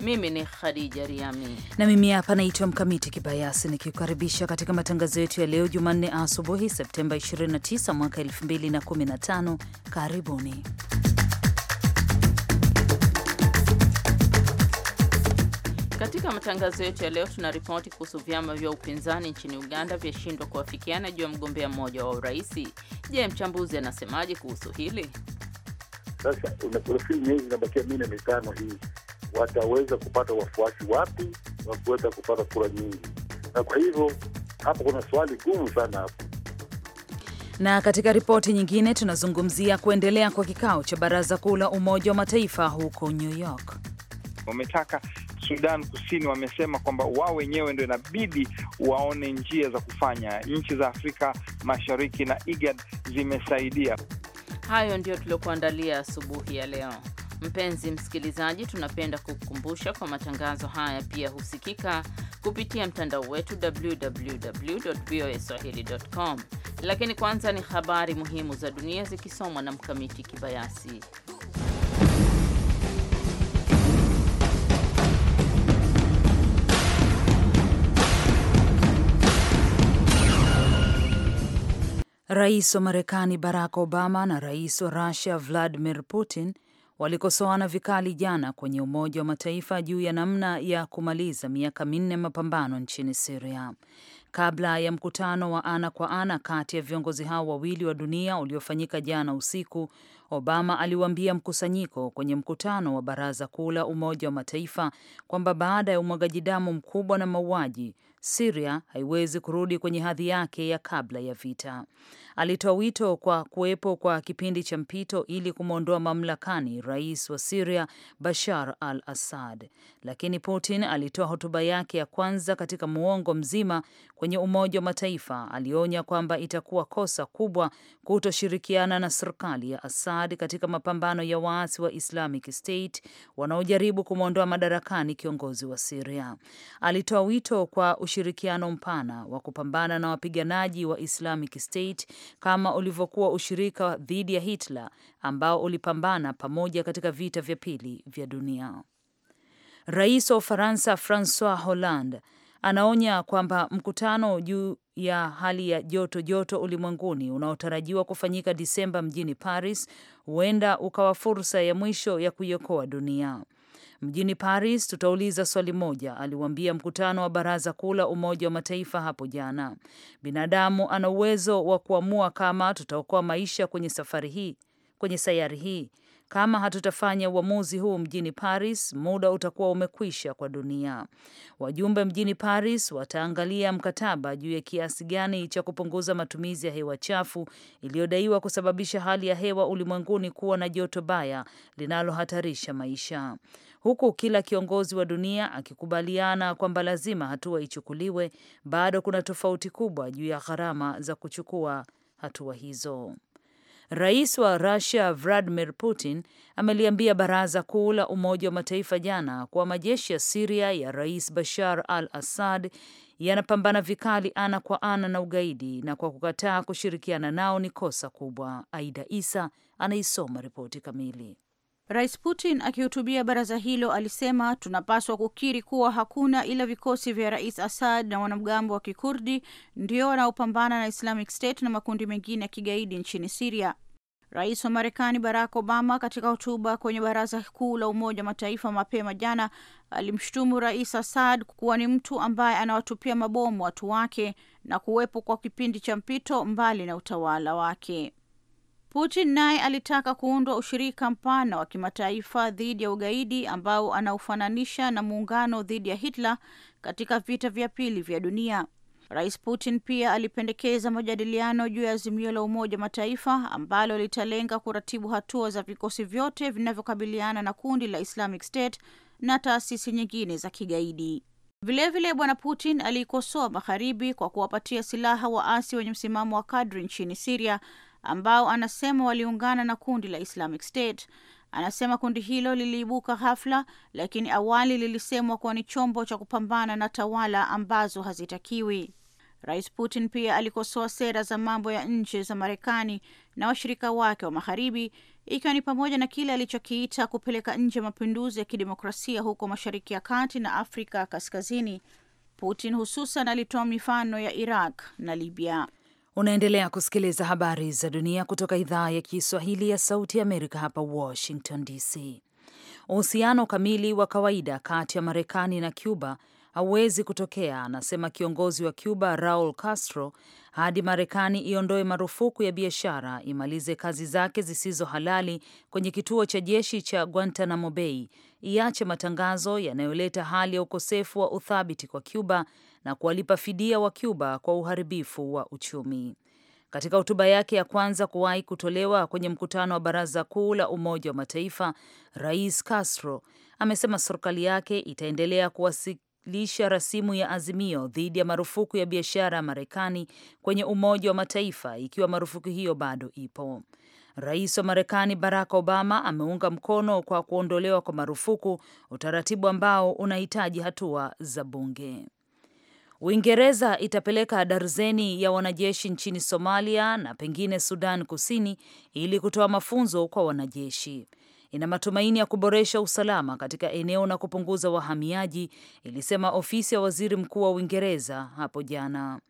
Mimi ni Khadija Riami na mimi hapa naitwa Mkamiti Kibayasi nikikukaribisha katika matangazo yetu ya leo Jumanne asubuhi Septemba 29 mwaka 2015. Karibuni. Katika matangazo yetu ya leo tuna ripoti kuhusu vyama vya upinzani nchini Uganda vyashindwa kuafikiana juu ya mgombea mmoja wa uraisi Je, mchambuzi anasemaje kuhusu hili? Sasa unabakia miezi mitano hii wataweza kupata wafuasi wapi wa kuweza kupata kura nyingi, na kwa hivyo hapo kuna swali gumu sana hapo. Na katika ripoti nyingine tunazungumzia kuendelea kwa kikao cha baraza kuu la Umoja wa Mataifa huko New York. Wametaka Sudan Kusini, wamesema kwamba wao wenyewe ndo inabidi waone njia za kufanya. Nchi za Afrika Mashariki na IGAD zimesaidia. Hayo ndio tuliokuandalia asubuhi ya leo. Mpenzi msikilizaji, tunapenda kukukumbusha kwa matangazo haya pia husikika kupitia mtandao wetu www.voaswahili.com. Lakini kwanza ni habari muhimu za dunia zikisomwa na Mkamiti Kibayasi. Rais wa Marekani Barack Obama na rais wa rusia Vladimir Putin walikosoana vikali jana kwenye Umoja wa Mataifa juu ya namna ya kumaliza miaka minne mapambano nchini Siria. Kabla ya mkutano wa ana kwa ana kati ya viongozi hao wawili wa dunia uliofanyika jana usiku, Obama aliwaambia mkusanyiko kwenye mkutano wa Baraza Kuu la Umoja wa Mataifa kwamba baada ya umwagaji damu mkubwa na mauaji, Siria haiwezi kurudi kwenye hadhi yake ya kabla ya vita alitoa wito kwa kuwepo kwa kipindi cha mpito ili kumwondoa mamlakani rais wa Siria Bashar al Assad, lakini Putin alitoa hotuba yake ya kwanza katika muongo mzima kwenye Umoja wa Mataifa. Alionya kwamba itakuwa kosa kubwa kutoshirikiana na serikali ya Assad katika mapambano ya waasi wa Islamic State wanaojaribu kumwondoa madarakani kiongozi wa Siria. Alitoa wito kwa ushirikiano mpana wa kupambana na wapiganaji wa Islamic State kama ulivyokuwa ushirika dhidi ya Hitler ambao ulipambana pamoja katika vita vya pili vya dunia. Rais wa Ufaransa Francois Hollande anaonya kwamba mkutano juu ya hali ya joto joto ulimwenguni unaotarajiwa kufanyika Disemba mjini Paris huenda ukawa fursa ya mwisho ya kuiokoa dunia mjini Paris, tutauliza swali moja, aliwaambia mkutano wa Baraza Kuu la Umoja wa Mataifa hapo jana. Binadamu ana uwezo wa kuamua kama tutaokoa maisha kwenye safari hii, kwenye sayari hii kama hatutafanya uamuzi huu mjini Paris, muda utakuwa umekwisha kwa dunia. Wajumbe mjini Paris wataangalia mkataba juu ya kiasi gani cha kupunguza matumizi ya hewa chafu iliyodaiwa kusababisha hali ya hewa ulimwenguni kuwa na joto baya linalohatarisha maisha, huku kila kiongozi wa dunia akikubaliana kwamba lazima hatua ichukuliwe. Bado kuna tofauti kubwa juu ya gharama za kuchukua hatua hizo. Rais wa Rusia Vladimir Putin ameliambia baraza kuu la Umoja wa Mataifa jana kuwa majeshi ya Siria ya Rais Bashar al Assad yanapambana vikali ana kwa ana na ugaidi na kwa kukataa kushirikiana nao ni kosa kubwa. Aida Isa anaisoma ripoti kamili. Rais Putin akihutubia baraza hilo alisema, tunapaswa kukiri kuwa hakuna ila vikosi vya Rais Assad na wanamgambo wa Kikurdi ndio wanaopambana na Islamic State na makundi mengine ya kigaidi nchini Siria. Rais wa Marekani Barack Obama katika hotuba kwenye Baraza Kuu la Umoja wa Mataifa mapema jana alimshutumu Rais Assad kuwa ni mtu ambaye anawatupia mabomu watu wake na kuwepo kwa kipindi cha mpito mbali na utawala wake. Putin naye alitaka kuundwa ushirika mpana wa kimataifa dhidi ya ugaidi ambao anaufananisha na muungano dhidi ya Hitler katika vita vya pili vya dunia. Rais Putin pia alipendekeza majadiliano juu ya azimio la Umoja wa Mataifa ambalo litalenga kuratibu hatua za vikosi vyote vinavyokabiliana na kundi la Islamic State na taasisi nyingine za kigaidi. Vilevile, Bwana Putin aliikosoa Magharibi kwa kuwapatia silaha waasi wenye msimamo wa kadri nchini Siria ambao anasema waliungana na kundi la Islamic State. Anasema kundi hilo liliibuka ghafla, lakini awali lilisemwa kuwa ni chombo cha kupambana na tawala ambazo hazitakiwi. Rais Putin pia alikosoa sera za mambo ya nje za Marekani na washirika wake wa Magharibi, ikiwa ni pamoja na kile alichokiita kupeleka nje mapinduzi ya kidemokrasia huko Mashariki ya Kati na Afrika Kaskazini. Putin hususan alitoa mifano ya Iraq na Libya. Unaendelea kusikiliza habari za dunia kutoka idhaa ya Kiswahili ya Sauti ya Amerika hapa Washington DC. Uhusiano kamili wa kawaida kati ya Marekani na Cuba hauwezi kutokea, anasema kiongozi wa Cuba Raul Castro, hadi Marekani iondoe marufuku ya biashara, imalize kazi zake zisizo halali kwenye kituo cha jeshi cha Guantanamo Bay, iache matangazo yanayoleta hali ya ukosefu wa uthabiti kwa Cuba na kuwalipa fidia wa Cuba kwa uharibifu wa uchumi. Katika hotuba yake ya kwanza kuwahi kutolewa kwenye mkutano wa Baraza Kuu la Umoja wa Mataifa, Rais Castro amesema serikali yake itaendelea kuwasilisha rasimu ya azimio dhidi ya marufuku ya biashara ya Marekani kwenye Umoja wa Mataifa ikiwa marufuku hiyo bado ipo. Rais wa Marekani Barack Obama ameunga mkono kwa kuondolewa kwa marufuku, utaratibu ambao unahitaji hatua za bunge. Uingereza itapeleka darzeni ya wanajeshi nchini Somalia na pengine Sudan Kusini ili kutoa mafunzo kwa wanajeshi. Ina matumaini ya kuboresha usalama katika eneo na kupunguza wahamiaji, ilisema ofisi ya waziri mkuu wa Uingereza hapo jana.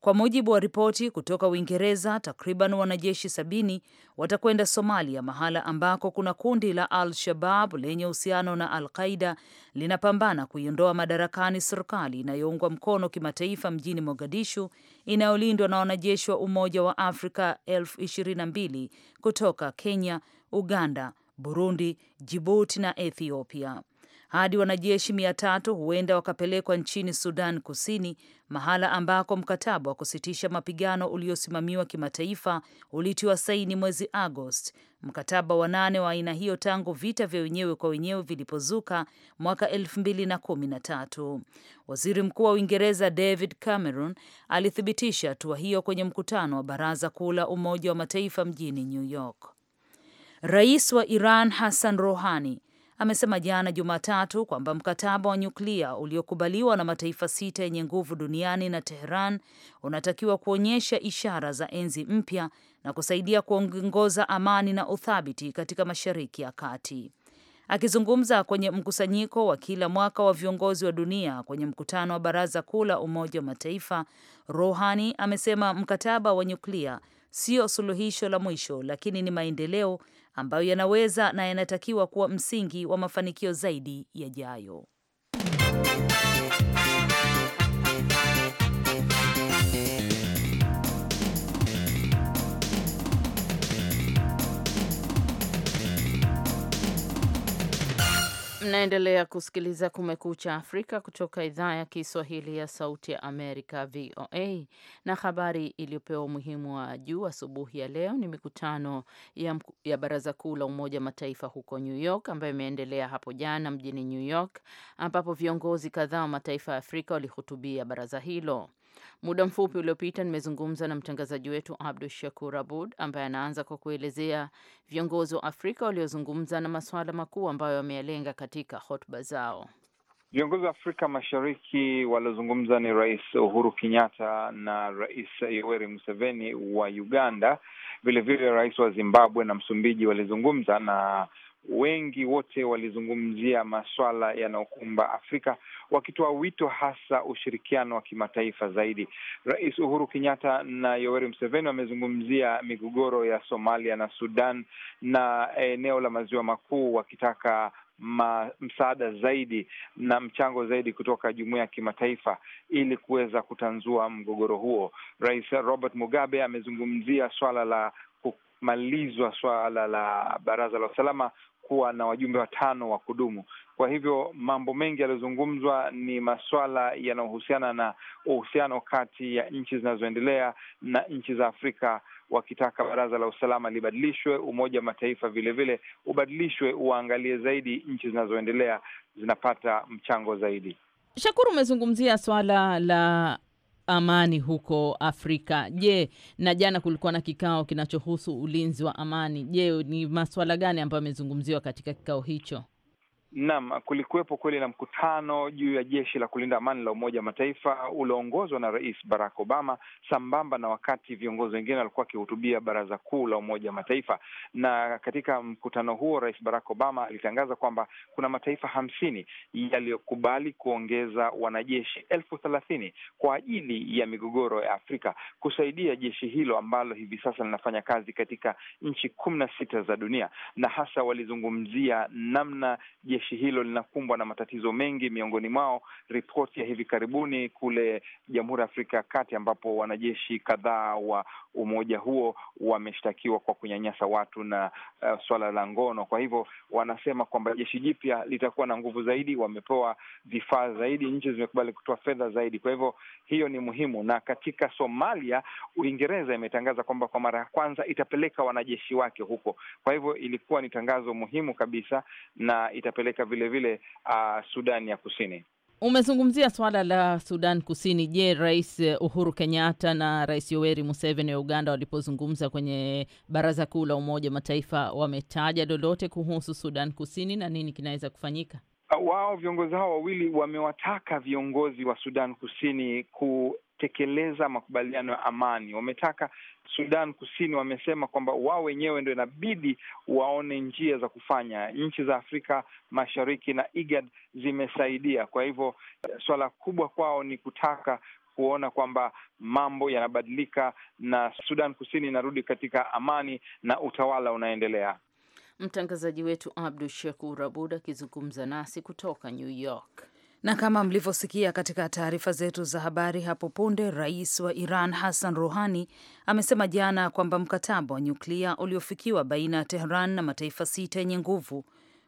Kwa mujibu wa ripoti kutoka Uingereza, takriban wanajeshi sabini watakwenda Somalia, mahala ambako kuna kundi la Al-Shabab lenye uhusiano na Al-Qaida linapambana kuiondoa madarakani serikali inayoungwa mkono kimataifa mjini Mogadishu, inayolindwa na wanajeshi wa Umoja wa Afrika elfu ishirini na mbili kutoka Kenya, Uganda, Burundi, Jibuti na Ethiopia hadi wanajeshi mia tatu huenda wakapelekwa nchini Sudan Kusini, mahala ambako mkataba wa kusitisha mapigano uliosimamiwa kimataifa ulitiwa saini mwezi Agosti, mkataba wa nane wa aina hiyo tangu vita vya wenyewe kwa wenyewe vilipozuka mwaka elfu mbili na kumi na tatu. Waziri Mkuu wa Uingereza David Cameron alithibitisha hatua hiyo kwenye mkutano wa Baraza Kuu la Umoja wa Mataifa mjini New York. Rais wa Iran Hassan Rouhani amesema jana Jumatatu kwamba mkataba wa nyuklia uliokubaliwa na mataifa sita yenye nguvu duniani na Teheran unatakiwa kuonyesha ishara za enzi mpya na kusaidia kuongoza amani na uthabiti katika Mashariki ya Kati. Akizungumza kwenye mkusanyiko wa kila mwaka wa viongozi wa dunia kwenye mkutano wa Baraza Kuu la Umoja wa Mataifa, Rohani amesema mkataba wa nyuklia sio suluhisho la mwisho, lakini ni maendeleo ambayo yanaweza na yanatakiwa kuwa msingi wa mafanikio zaidi yajayo. Mnaendelea kusikiliza Kumekucha Afrika kutoka idhaa ya Kiswahili ya Sauti ya Amerika, VOA. Na habari iliyopewa umuhimu wa juu asubuhi ya leo ni mikutano ya, ya Baraza Kuu la Umoja wa Mataifa huko New York ambayo imeendelea hapo jana mjini New York, ambapo viongozi kadhaa wa mataifa ya Afrika walihutubia baraza hilo. Muda mfupi uliopita nimezungumza na mtangazaji wetu Abdu Shakur Abud ambaye anaanza kwa kuelezea viongozi wa Afrika waliozungumza na masuala makuu ambayo wameyalenga katika hotuba zao. Viongozi wa Afrika Mashariki waliozungumza ni Rais Uhuru Kenyatta na Rais Yoweri Museveni wa Uganda, vilevile rais wa Zimbabwe na Msumbiji walizungumza na wengi wote walizungumzia maswala yanayokumba Afrika, wakitoa wito hasa ushirikiano wa kimataifa zaidi. Rais Uhuru Kenyatta na Yoweri Museveni wamezungumzia migogoro ya Somalia na Sudan na eneo la maziwa makuu wakitaka ma, msaada zaidi na mchango zaidi kutoka jumuiya ya kimataifa ili kuweza kutanzua mgogoro huo. Rais Robert Mugabe amezungumzia swala la kumalizwa swala la Baraza la Usalama kuwa na wajumbe watano wa kudumu. Kwa hivyo mambo mengi yaliyozungumzwa ni maswala yanayohusiana na uhusiano kati ya nchi zinazoendelea na nchi za Afrika, wakitaka baraza la usalama libadilishwe, Umoja wa Mataifa vilevile ubadilishwe, uangalie zaidi nchi zinazoendelea zinapata mchango zaidi. Shakuru, umezungumzia swala la amani huko Afrika. Je, na jana kulikuwa na kikao kinachohusu ulinzi wa amani. Je, ni masuala gani ambayo yamezungumziwa katika kikao hicho? Naam, kulikuwepo kweli na mkutano juu ya jeshi la kulinda amani la Umoja wa Mataifa ulioongozwa na Rais Barack Obama, sambamba na wakati viongozi wengine walikuwa wakihutubia Baraza Kuu la Umoja wa Mataifa. Na katika mkutano huo, Rais Barack Obama alitangaza kwamba kuna mataifa hamsini yaliyokubali kuongeza wanajeshi elfu thelathini kwa ajili ya migogoro ya Afrika kusaidia jeshi hilo ambalo hivi sasa linafanya kazi katika nchi kumi na sita za dunia, na hasa walizungumzia namna jeshi jeshi hilo linakumbwa na matatizo mengi, miongoni mwao ripoti ya hivi karibuni kule Jamhuri ya Afrika ya Kati ambapo wanajeshi kadhaa wa umoja huo wameshtakiwa kwa kunyanyasa watu na uh, swala la ngono. Kwa hivyo wanasema kwamba jeshi jipya litakuwa na nguvu zaidi, wamepewa vifaa zaidi, nchi zimekubali kutoa fedha zaidi. Kwa hivyo hiyo ni muhimu. Na katika Somalia, Uingereza imetangaza kwamba kwa mara ya kwanza itapeleka wanajeshi wake huko. Kwa hivyo ilikuwa ni tangazo muhimu kabisa, na itapeleka vilevile vile, uh, Sudani ya Kusini. Umezungumzia swala la Sudan Kusini. Je, Rais eh, Uhuru Kenyatta na Rais Yoweri Museveni wa Uganda walipozungumza kwenye Baraza Kuu la Umoja Mataifa wametaja lolote kuhusu Sudan Kusini na nini kinaweza kufanyika? Wao viongozi hao wawili wamewataka viongozi wa Sudan Kusini ku tekeleza makubaliano ya amani. Wametaka Sudan Kusini, wamesema kwamba wao wenyewe ndo inabidi waone njia za kufanya. Nchi za Afrika Mashariki na IGAD zimesaidia. Kwa hivyo suala kubwa kwao ni kutaka kuona kwamba mambo yanabadilika na Sudan Kusini inarudi katika amani na utawala unaendelea. Mtangazaji wetu Abdu Shakur Abud akizungumza nasi kutoka New York. Na kama mlivyosikia katika taarifa zetu za habari hapo punde, rais wa Iran Hassan Rouhani amesema jana kwamba mkataba wa nyuklia uliofikiwa baina ya Tehran na mataifa sita yenye nguvu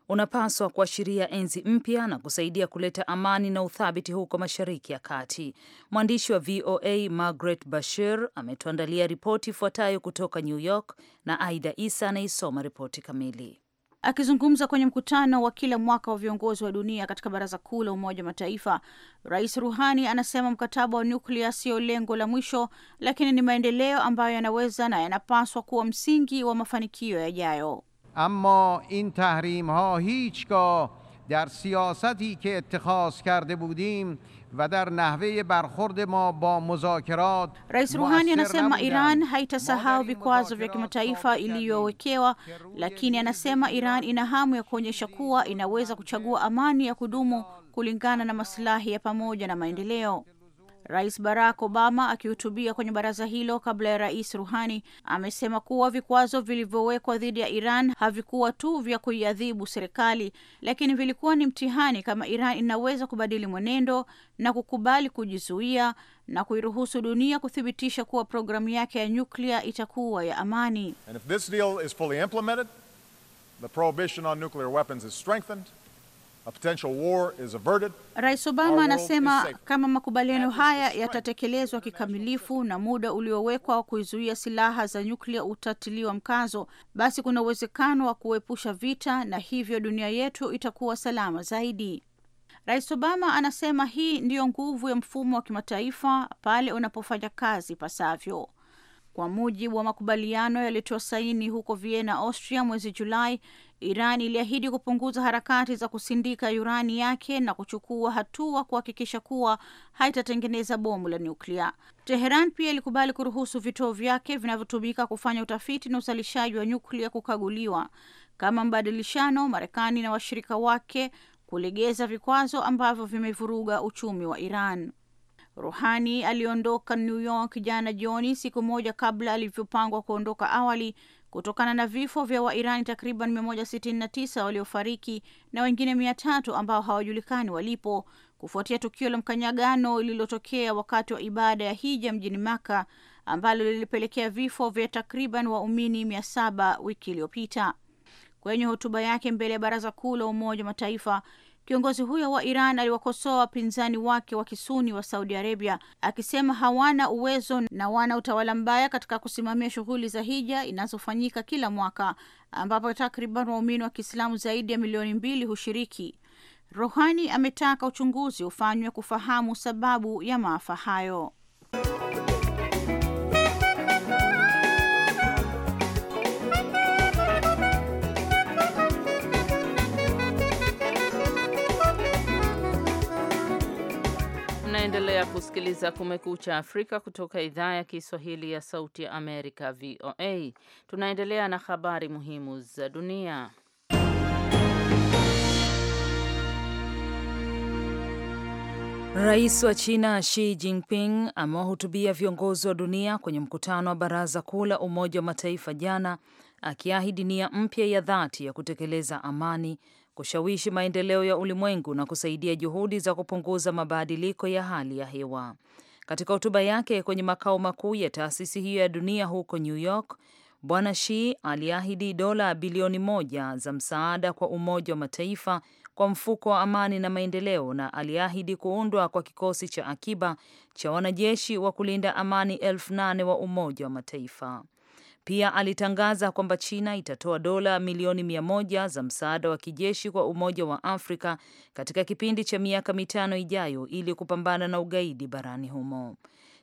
unapaswa kuashiria enzi mpya na kusaidia kuleta amani na uthabiti huko Mashariki ya Kati. Mwandishi wa VOA Margaret Bashir ametuandalia ripoti ifuatayo kutoka New York na Aida Isa anaisoma ripoti kamili. Akizungumza kwenye mkutano wa kila mwaka wa viongozi wa dunia katika baraza kuu la Umoja wa Mataifa, Rais Ruhani anasema mkataba wa nyuklia siyo lengo la mwisho, lakini ni maendeleo ambayo yanaweza na yanapaswa kuwa msingi wa mafanikio yajayo. ammo in tahrimha hichgah در سیاستی که اتخاذ کرده بudیم و در nahwe برخورد ma ba muzakirat Rais Ruhani anasema Iran haitasahau vikwazo vya kimataifa iliyowekewa, lakini anasema Iran ina hamu ya kuonyesha kuwa inaweza kuchagua amani ya kudumu kulingana na maslahi ya pamoja na maendeleo. Rais Barack Obama akihutubia kwenye baraza hilo kabla ya Rais Ruhani amesema kuwa vikwazo vilivyowekwa dhidi ya Iran havikuwa tu vya kuiadhibu serikali, lakini vilikuwa ni mtihani kama Iran inaweza kubadili mwenendo na kukubali kujizuia na kuiruhusu dunia kuthibitisha kuwa programu yake ya nyuklia itakuwa ya amani. And if this deal is fully implemented, the prohibition on nuclear weapons is strengthened. Rais Obama anasema kama makubaliano haya yatatekelezwa kikamilifu na muda uliowekwa wa kuizuia silaha za nyuklia utatiliwa mkazo, basi kuna uwezekano wa kuepusha vita na hivyo dunia yetu itakuwa salama zaidi. Rais Obama anasema hii ndiyo nguvu ya mfumo wa kimataifa pale unapofanya kazi pasavyo. Kwa mujibu wa makubaliano yaliyotiwa saini huko Vienna, Austria mwezi Julai, Iran iliahidi kupunguza harakati za kusindika urani yake na kuchukua hatua kuhakikisha kuwa haitatengeneza bomu la nyuklia. Teheran pia ilikubali kuruhusu vituo vyake vinavyotumika kufanya utafiti na uzalishaji wa nyuklia kukaguliwa. Kama mbadilishano, Marekani na washirika wake kulegeza vikwazo ambavyo vimevuruga uchumi wa Iran. Ruhani aliondoka New York jana jioni, siku moja kabla alivyopangwa kuondoka awali, kutokana na vifo vya Wairani takriban 169 waliofariki na wengine 300 ambao hawajulikani walipo kufuatia tukio la mkanyagano lililotokea wakati wa ibada ya hija mjini Maka ambalo lilipelekea vifo vya takriban waumini 700 wiki iliyopita. Kwenye hotuba yake mbele ya Baraza Kuu la Umoja wa Mataifa, Kiongozi huyo wa Iran aliwakosoa wapinzani wake wa kisuni wa Saudi Arabia akisema hawana uwezo na wana utawala mbaya katika kusimamia shughuli za hija inazofanyika kila mwaka ambapo takriban waumini wa Kiislamu zaidi ya milioni mbili hushiriki. Rohani ametaka uchunguzi ufanywe kufahamu sababu ya maafa hayo. Unaendelea kusikiliza Kumekucha Afrika kutoka idhaa ya Kiswahili ya Sauti ya Amerika, VOA. Tunaendelea na habari muhimu za dunia. Rais wa China Xi Jinping amewahutubia viongozi wa dunia kwenye mkutano wa Baraza Kuu la Umoja wa Mataifa jana, akiahidi nia mpya ya dhati ya kutekeleza amani kushawishi maendeleo ya ulimwengu na kusaidia juhudi za kupunguza mabadiliko ya hali ya hewa. Katika hotuba yake kwenye makao makuu ya taasisi hiyo ya dunia huko New York, Bwana shi aliahidi dola bilioni moja za msaada kwa Umoja wa Mataifa kwa mfuko wa amani na maendeleo na aliahidi kuundwa kwa kikosi cha akiba cha wanajeshi wa kulinda amani elfu nane wa Umoja wa Mataifa. Pia alitangaza kwamba China itatoa dola milioni mia moja za msaada wa kijeshi kwa Umoja wa Afrika katika kipindi cha miaka mitano ijayo ili kupambana na ugaidi barani humo.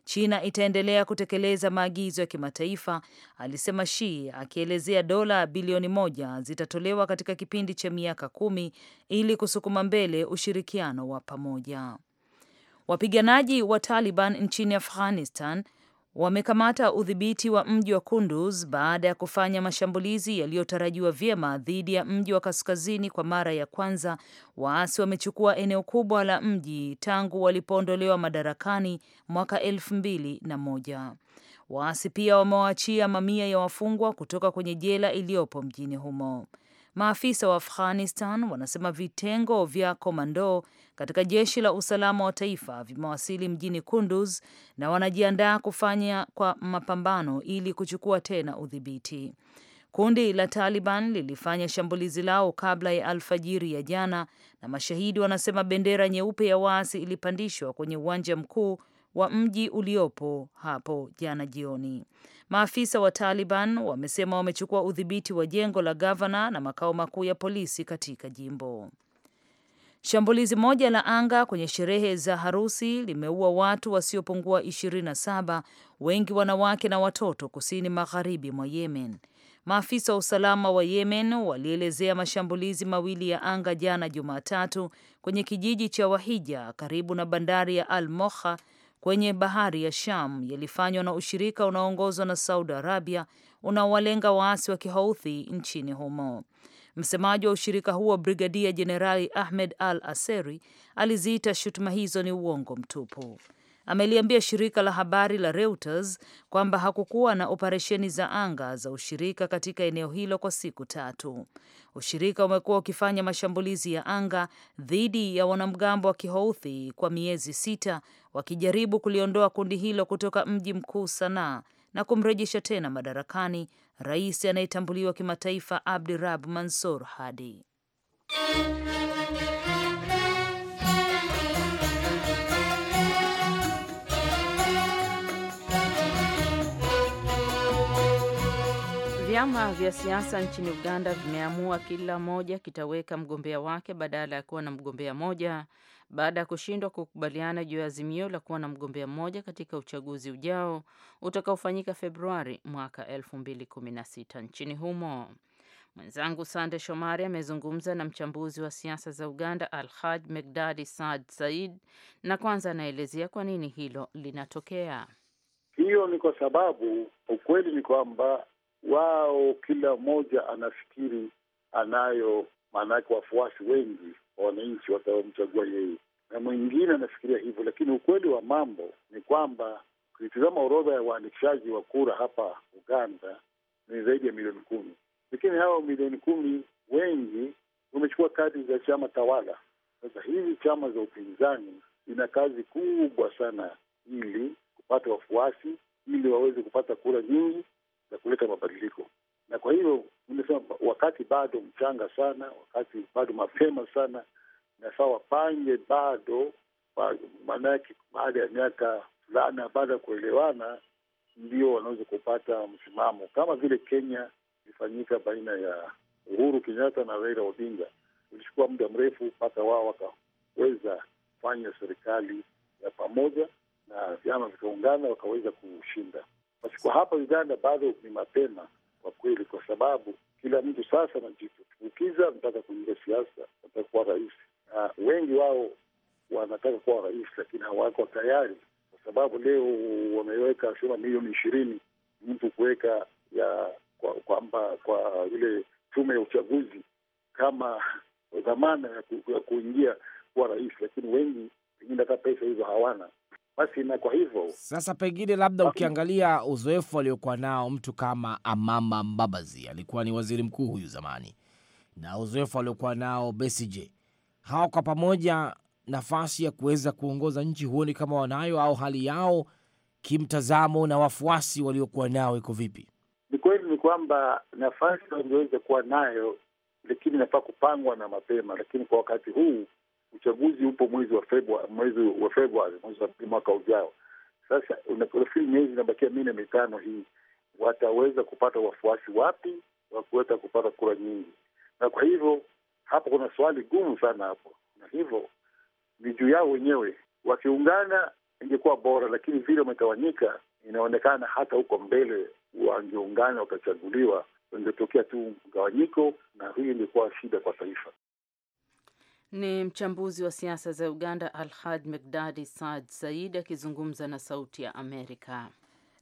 China itaendelea kutekeleza maagizo ya kimataifa, alisema Shi, akielezea dola bilioni moja zitatolewa katika kipindi cha miaka kumi ili kusukuma mbele ushirikiano wa pamoja. Wapiganaji wa Taliban nchini Afghanistan wamekamata udhibiti wa mji wa Kunduz baada ya kufanya mashambulizi yaliyotarajiwa vyema dhidi ya mji wa kaskazini. Kwa mara ya kwanza, waasi wamechukua eneo kubwa la mji tangu walipoondolewa madarakani mwaka elfu mbili na moja. Waasi pia wamewaachia mamia ya wafungwa kutoka kwenye jela iliyopo mjini humo. Maafisa wa Afghanistan wanasema vitengo vya komando katika jeshi la usalama wa taifa vimewasili mjini Kunduz na wanajiandaa kufanya kwa mapambano ili kuchukua tena udhibiti. Kundi la Taliban lilifanya shambulizi lao kabla ya alfajiri ya jana, na mashahidi wanasema bendera nyeupe ya waasi ilipandishwa kwenye uwanja mkuu wa mji uliopo hapo jana jioni. Maafisa wa Taliban wamesema wamechukua udhibiti wa jengo la gavana na makao makuu ya polisi katika jimbo. Shambulizi moja la anga kwenye sherehe za harusi limeua watu wasiopungua 27, wengi wanawake na watoto, kusini magharibi mwa Yemen. Maafisa wa usalama wa Yemen walielezea mashambulizi mawili ya anga jana Jumatatu kwenye kijiji cha Wahija karibu na bandari ya Al Moha kwenye bahari ya Sham yalifanywa na ushirika unaoongozwa na Saudi Arabia unaowalenga waasi wa Kihouthi nchini humo. Msemaji wa ushirika huo Brigadia Jenerali Ahmed Al Aseri aliziita shutuma hizo ni uongo mtupu. Ameliambia shirika la habari la Reuters kwamba hakukuwa na operesheni za anga za ushirika katika eneo hilo kwa siku tatu. Ushirika umekuwa ukifanya mashambulizi ya anga dhidi ya wanamgambo wa Kihouthi kwa miezi sita wakijaribu kuliondoa kundi hilo kutoka mji mkuu Sanaa na kumrejesha tena madarakani rais anayetambuliwa kimataifa Abdirab Mansur Hadi. Vyama vya siasa nchini Uganda vimeamua kila moja kitaweka mgombea wake badala ya kuwa na mgombea moja baada ya kushindwa kukubaliana juu ya azimio la kuwa na mgombea mmoja katika uchaguzi ujao utakaofanyika Februari mwaka 2016 nchini humo. Mwenzangu Sande Shomari amezungumza na mchambuzi wa siasa za Uganda Alhaj Megdadi Saad Said, na kwanza anaelezea kwa nini hilo linatokea. Hiyo ni kwa sababu ukweli ni kwamba wao kila mmoja anafikiri anayo, maanake wafuasi wengi wa wananchi watawamchagua yeye, na mwingine anafikiria hivyo, lakini ukweli wa mambo ni kwamba ukitizama orodha ya waandikishaji wa kura hapa Uganda ni zaidi ya milioni kumi, lakini hao milioni kumi wengi wamechukua kadi za chama tawala. Sasa hizi chama za upinzani ina kazi kubwa sana ili kupata wafuasi, ili waweze kupata kura nyingi za kuleta mabadiliko. Na kwa hiyo nimesema wakati bado mchanga sana, wakati bado mapema sana, nafaa wapange bado, maanake baada ya miaka fulana, baada ya kuelewana, ndio wanaweza kupata msimamo, kama vile Kenya ilifanyika baina ya Uhuru Kenyatta na Raila Odinga. Ilichukua muda mrefu mpaka wao wakaweza fanya serikali ya pamoja na vyama vikaungana wakaweza kushinda basi kwa hapa Uganda bado ni mapema kwa kweli, kwa sababu kila mtu sasa anajitukiza, nataka kuingia siasa, anataka kuwa rais. Uh, wengi wao wanataka kuwa rais, lakini hawako tayari kwa sababu leo wameweka sema milioni ishirini mtu kuweka ya kwamba kwa, kwa ile tume ya uchaguzi kama dhamana ya kuingia kuwa rais, lakini wengi pengine hata pesa hizo hawana basi imekuwa hivyo. Sasa pengine labda Mami, ukiangalia uzoefu aliokuwa nao mtu kama Amama Mbabazi, alikuwa ni waziri mkuu huyu zamani, na uzoefu aliokuwa nao Besigye, hawa kwa pamoja nafasi ya kuweza kuongoza nchi huoni kama wanayo, au hali yao kimtazamo na wafuasi waliokuwa nao iko vipi? Ni kweli ni kwamba nafasi wangeweza kuwa nayo, lakini inafaa kupangwa na mapema, lakini kwa wakati huu uchaguzi upo mwezi wa Februari, mwezi wa Februari, mwezi wa pili mwaka ujao. Sasa unafikiri miezi inabakia minne mitano hii wataweza kupata wafuasi wapi wa kuweza kupata kura nyingi? Na kwa hivyo hapo kuna swali gumu sana hapo, na hivyo ni juu yao wenyewe. Wakiungana ingekuwa bora, lakini vile wametawanyika, inaonekana hata huko mbele wangeungana wakachaguliwa, wangetokea tu mgawanyiko, na hiyo ingekuwa shida kwa taifa. Ni mchambuzi wa siasa za Uganda Alhaj Migdadi Saad Said akizungumza na Sauti ya Amerika.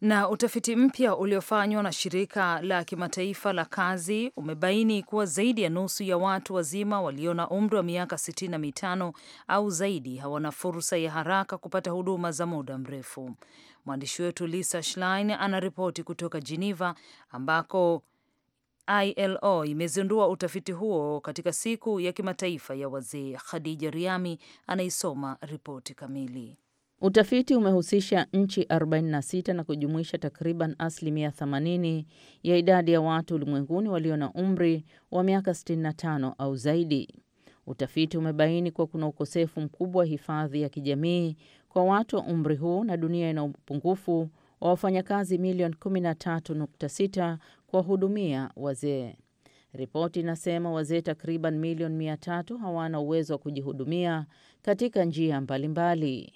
Na utafiti mpya uliofanywa na shirika la kimataifa la kazi umebaini kuwa zaidi ya nusu ya watu wazima walio na umri wa miaka sitini na mitano au zaidi hawana fursa ya haraka kupata huduma za muda mrefu. Mwandishi wetu Lisa Schlein anaripoti kutoka Geneva ambako ILO imezindua utafiti huo katika siku ya kimataifa ya wazee. Khadija Riami anaisoma ripoti kamili. Utafiti umehusisha nchi 46 na kujumuisha takriban asilimia 80 ya idadi ya watu ulimwenguni walio na umri wa miaka 65 au zaidi. Utafiti umebaini kuwa kuna ukosefu mkubwa wa hifadhi ya kijamii kwa watu wa umri huu na dunia ina upungufu wa wafanyakazi milioni 13.6 kuwahudumia wazee. Ripoti inasema wazee takriban milioni 300 hawana uwezo wa kujihudumia katika njia mbalimbali.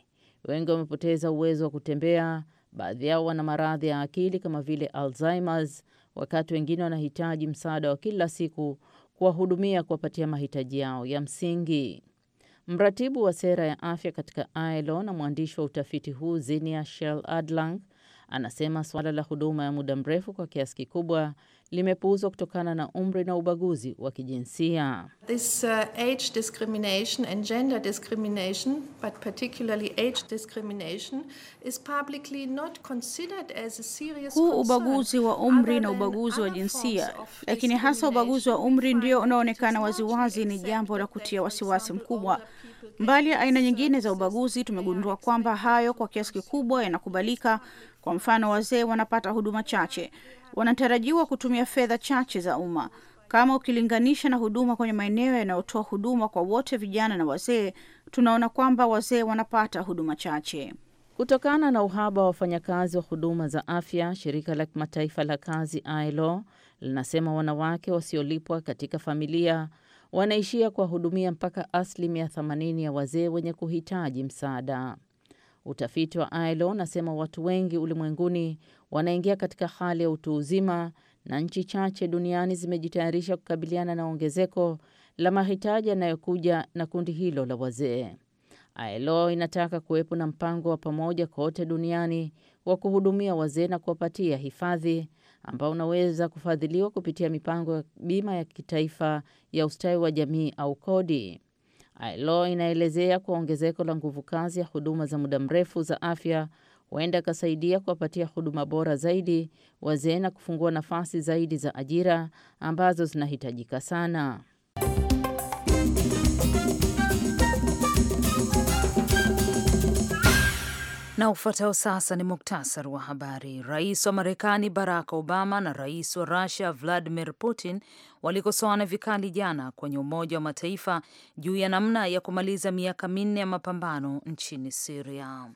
Wengi wamepoteza uwezo wa kutembea, baadhi yao wana maradhi ya akili kama vile Alzheimer's, wakati wengine wanahitaji msaada wa kila siku kuwahudumia, kuwapatia mahitaji yao ya msingi. Mratibu wa sera ya afya katika ILO na mwandishi wa utafiti huu Zinia Shel Adlang Anasema suala la huduma ya muda mrefu kwa kiasi kikubwa limepuuzwa kutokana na umri na ubaguzi wa kijinsia. This, uh, age discrimination and gender discrimination, but particularly age discrimination, is publicly not considered as a serious concern. Huu ubaguzi wa umri na ubaguzi wa jinsia, lakini hasa ubaguzi wa umri ndio unaoonekana waziwazi ni jambo la kutia wasiwasi mkubwa. Mbali ya aina nyingine za ubaguzi, tumegundua kwamba hayo kwa kiasi kikubwa yanakubalika kwa mfano, wazee wanapata huduma chache, wanatarajiwa kutumia fedha chache za umma kama ukilinganisha na huduma kwenye maeneo yanayotoa huduma kwa wote, vijana na wazee. Tunaona kwamba wazee wanapata huduma chache kutokana na uhaba wa wafanyakazi wa huduma za afya. Shirika la kimataifa la kazi ILO linasema wanawake wasiolipwa katika familia wanaishia kuwahudumia mpaka asilimia 80 ya wazee wenye kuhitaji msaada. Utafiti wa ILO unasema watu wengi ulimwenguni wanaingia katika hali ya utu uzima na nchi chache duniani zimejitayarisha kukabiliana na ongezeko la mahitaji yanayokuja na kundi hilo la wazee. ILO inataka kuwepo na mpango wa pamoja kote duniani wa kuhudumia wazee na kuwapatia hifadhi ambao unaweza kufadhiliwa kupitia mipango ya bima ya kitaifa ya ustawi wa jamii au kodi. ILO inaelezea kwa ongezeko la nguvu kazi ya huduma za muda mrefu za afya huenda ikasaidia kuwapatia huduma bora zaidi wazee na kufungua nafasi zaidi za ajira ambazo zinahitajika sana. Na ufuatao sasa ni muktasari wa habari. Rais wa Marekani Barack Obama na rais wa Rusia Vladimir Putin walikosoana vikali jana kwenye Umoja wa Mataifa juu ya namna ya kumaliza miaka minne ya mapambano nchini Siria.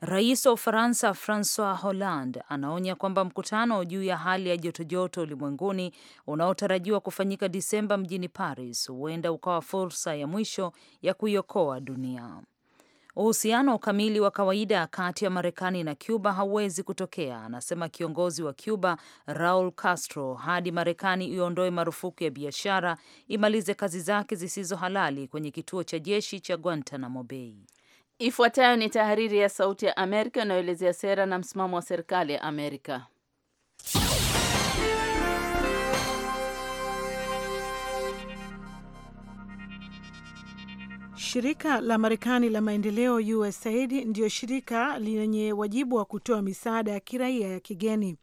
Rais wa Ufaransa Francois Hollande anaonya kwamba mkutano juu ya hali ya jotojoto ulimwenguni unaotarajiwa kufanyika Disemba mjini Paris huenda ukawa fursa ya mwisho ya kuiokoa dunia uhusiano kamili wa kawaida kati ya Marekani na Cuba hauwezi kutokea, anasema kiongozi wa Cuba Raul Castro, hadi Marekani iondoe marufuku ya biashara, imalize kazi zake zisizo halali kwenye kituo cha jeshi cha Guantanamo Bay. Ifuatayo ni tahariri ya Sauti ya Amerika inayoelezea sera na msimamo wa serikali ya Amerika. Shirika la Marekani la maendeleo USAID ndiyo shirika lenye wajibu wa kutoa misaada ya kiraia ya kigeni.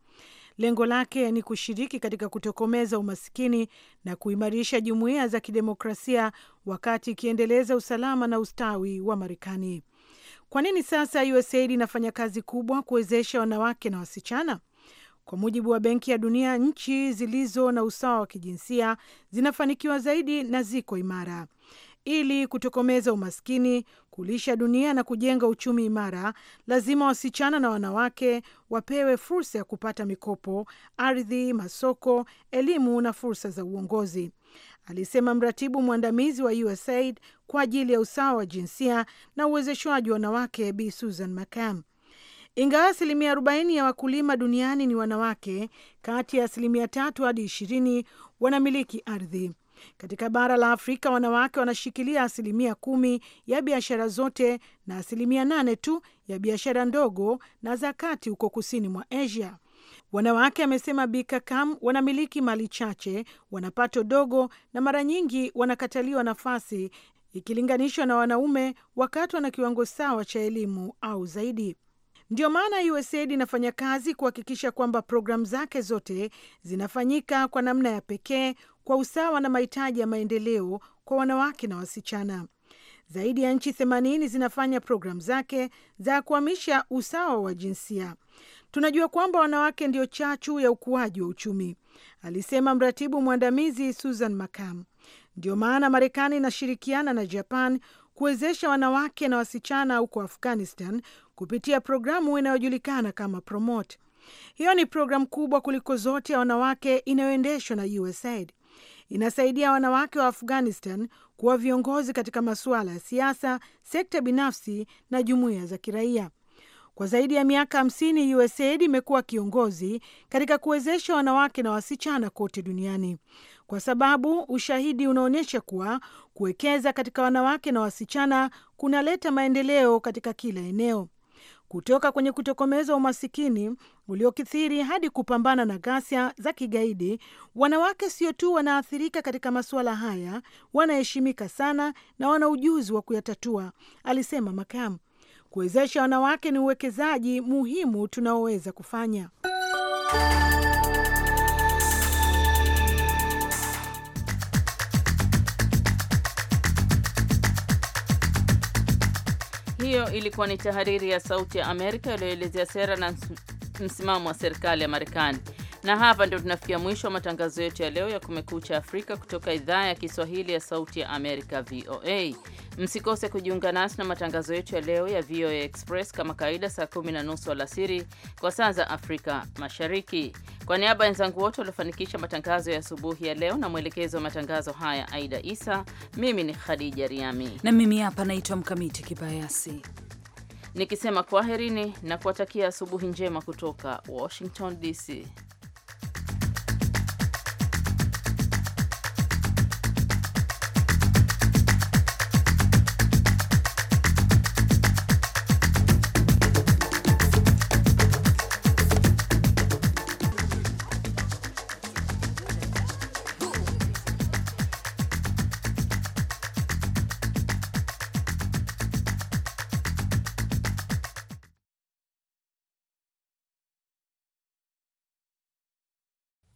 Lengo lake ni kushiriki katika kutokomeza umasikini na kuimarisha jumuiya za kidemokrasia wakati ikiendeleza usalama na ustawi wa Marekani. Kwa nini sasa USAID inafanya kazi kubwa kuwezesha wanawake na wasichana? Kwa mujibu wa Benki ya Dunia, nchi zilizo na usawa wa kijinsia zinafanikiwa zaidi na ziko imara. Ili kutokomeza umaskini, kulisha dunia na kujenga uchumi imara, lazima wasichana na wanawake wapewe fursa ya kupata mikopo, ardhi, masoko, elimu na fursa za uongozi, alisema mratibu mwandamizi wa USAID kwa ajili ya usawa wa jinsia na uwezeshwaji wa wanawake, Bi Susan McCam. Ingawa asilimia 40 ya wakulima duniani ni wanawake, kati ya asilimia tatu hadi ishirini wanamiliki ardhi. Katika bara la Afrika, wanawake wanashikilia asilimia kumi ya biashara zote na asilimia nane tu ya biashara ndogo na za kati huko kusini mwa Asia. Wanawake, amesema Bikakam, wanamiliki mali chache, wana pato dogo na mara nyingi wanakataliwa nafasi ikilinganishwa na wanaume wakati wana kiwango sawa cha elimu au zaidi. Ndiyo maana USAID inafanya kazi kuhakikisha kwamba programu zake zote zinafanyika kwa namna ya pekee, kwa usawa na mahitaji ya maendeleo kwa wanawake na wasichana. Zaidi ya nchi 80 zinafanya programu zake za kuhamisha usawa wa jinsia. Tunajua kwamba wanawake ndio chachu ya ukuaji wa uchumi, alisema mratibu mwandamizi Susan Makam. Ndio maana Marekani inashirikiana na Japan kuwezesha wanawake na wasichana huko Afghanistan kupitia programu inayojulikana kama Promote. Hiyo ni programu kubwa kuliko zote ya wanawake inayoendeshwa na USAID inasaidia wanawake wa Afghanistan kuwa viongozi katika masuala ya siasa, sekta binafsi na jumuiya za kiraia. Kwa zaidi ya miaka hamsini, USAID imekuwa kiongozi katika kuwezesha wanawake na wasichana kote duniani, kwa sababu ushahidi unaonyesha kuwa kuwekeza katika wanawake na wasichana kunaleta maendeleo katika kila eneo kutoka kwenye kutokomeza umasikini uliokithiri hadi kupambana na ghasia za kigaidi. Wanawake sio tu wanaathirika katika masuala haya, wanaheshimika sana na wana ujuzi wa kuyatatua, alisema makamu. Kuwezesha wanawake ni uwekezaji muhimu tunaoweza kufanya. Hiyo ilikuwa ni tahariri ya Sauti ya Amerika iliyoelezea sera na msimamo wa serikali ya Marekani. Na hapa ndio tunafikia mwisho wa matangazo yetu ya leo ya Kumekucha Afrika kutoka idhaa ya Kiswahili ya Sauti ya Amerika, VOA. Msikose kujiunga nasi na matangazo yetu ya leo ya VOA Express kama kawaida, saa kumi na nusu alasiri kwa saa za Afrika Mashariki. Kwa niaba ya wenzangu wote waliofanikisha matangazo ya asubuhi ya leo na mwelekezo wa matangazo haya Aida Isa, mimi ni Khadija Riami na mimi hapa naitwa Mkamiti Kibayasi nikisema kwaherini na kuwatakia asubuhi njema kutoka Washington DC.